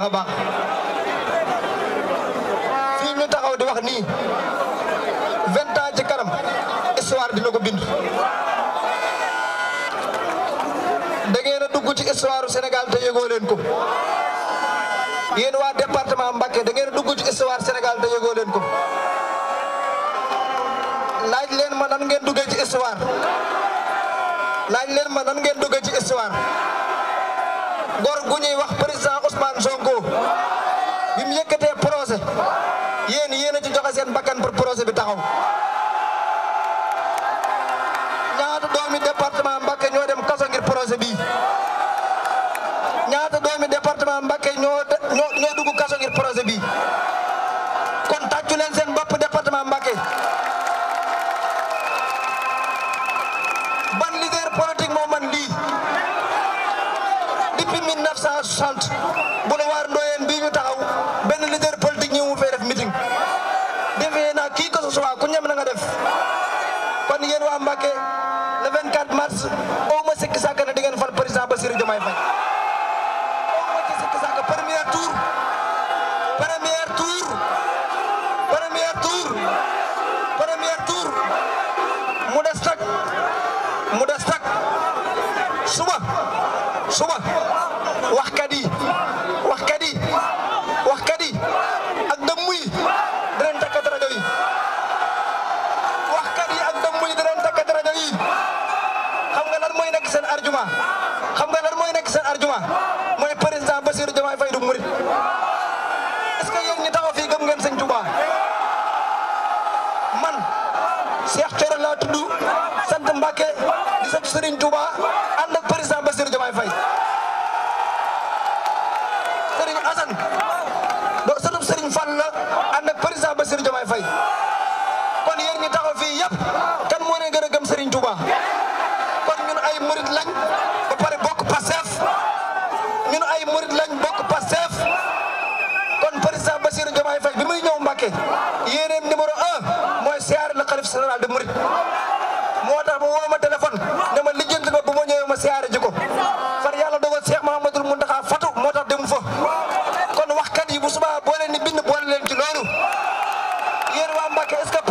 baax a baax fii ñu taxaw di wax nii vingt ci kanam histoire dina ko bind da a dugg ci histoire Sénégal te yëgoo leen ko yéen waa département Mbacké da ngeen dugg ci histoire Sénégal te yëgoo leen ko laaj leen ma nan ngeen duggee ci histoire laaj leen ma nan ngeen duggee ci histoire gor gu ñuy wax président Ousmane Sonko bi mu yëkkatee projet yéen yéen a ci joxe seen bakkan pour projet bi taxaw ñaata doomi département Mbacké ñoo dem kaso ngir projet bii ñaata doomi département Mbacké ñoo dugu dugg kaso ngir projet bi 1960 boulevard Ndoyeen bii ñu taxaw benn leader politique ñi mu fay def meeting defee naa kii que ce soit ku ñem na nga def kon yéen mars au ma sikki sàkk ne fal président Bassirou Diomaye Faye au ma ci sikki sàkk premier tour premier tour premier tour premier tour mu des mu des suba suba Touba mooy président Bassirou Diomaye Faye du est-ce que yéen ñi taxaw ngeen Touba man Cheikh Thioro laa tudd sant Mbacke di sant Serigne Touba ànd ak président Bassirou Diomaye Serigne Assane doo sëtub Serigne Fall la ànd ak président Bassirou Diomaye kon taxaw kan moo ne gën a Serigne Touba kon ñun ay lañ murit lañ bokk Pastef kon président Bassirou Diomaye Faye bi muy ñëw Mbacke yéeneem numéro un mooy siyaare la xalif général de murit moo tax ma woo ma téléphone ne ma lijjanti ba bu ma ñëwee ma siyaare ji ko far yàlla dogal Cheikh Mahamadul Muntaxa fatu moo tax dem fa kon waxkat yi bu subaa boo ni bind boole leen ci loolu yéen waa Mbacke est-ce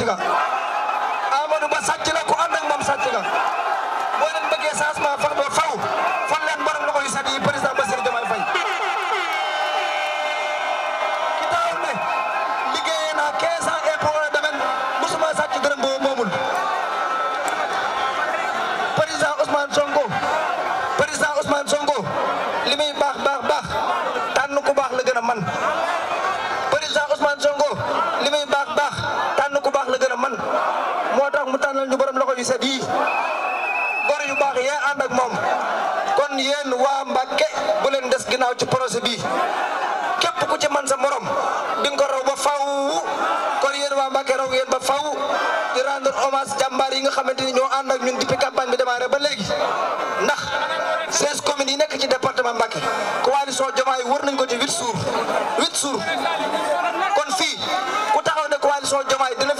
sàcc nga Amadou Ba sàcc la ku ànd ak moom sàcc nga boo leen bëggee changement moo tax mu tànnal ñu borom loxo yu set yi yu ak kon bu ci projet bi ku ci man sa morom nah, di nga raw ba faw kon yéen waa Mbàkke raw yéen ba faw di rendre hommage jàmbaar yi nga xamante ñoo ànd ak ñun depuis campagne bi démarré ba léegi ndax seize communes yi nekk ci département Mbàkke coalition Diomaye wër nañ ko ci huit jours huit jours kon fii ku taxaw ne coalition dina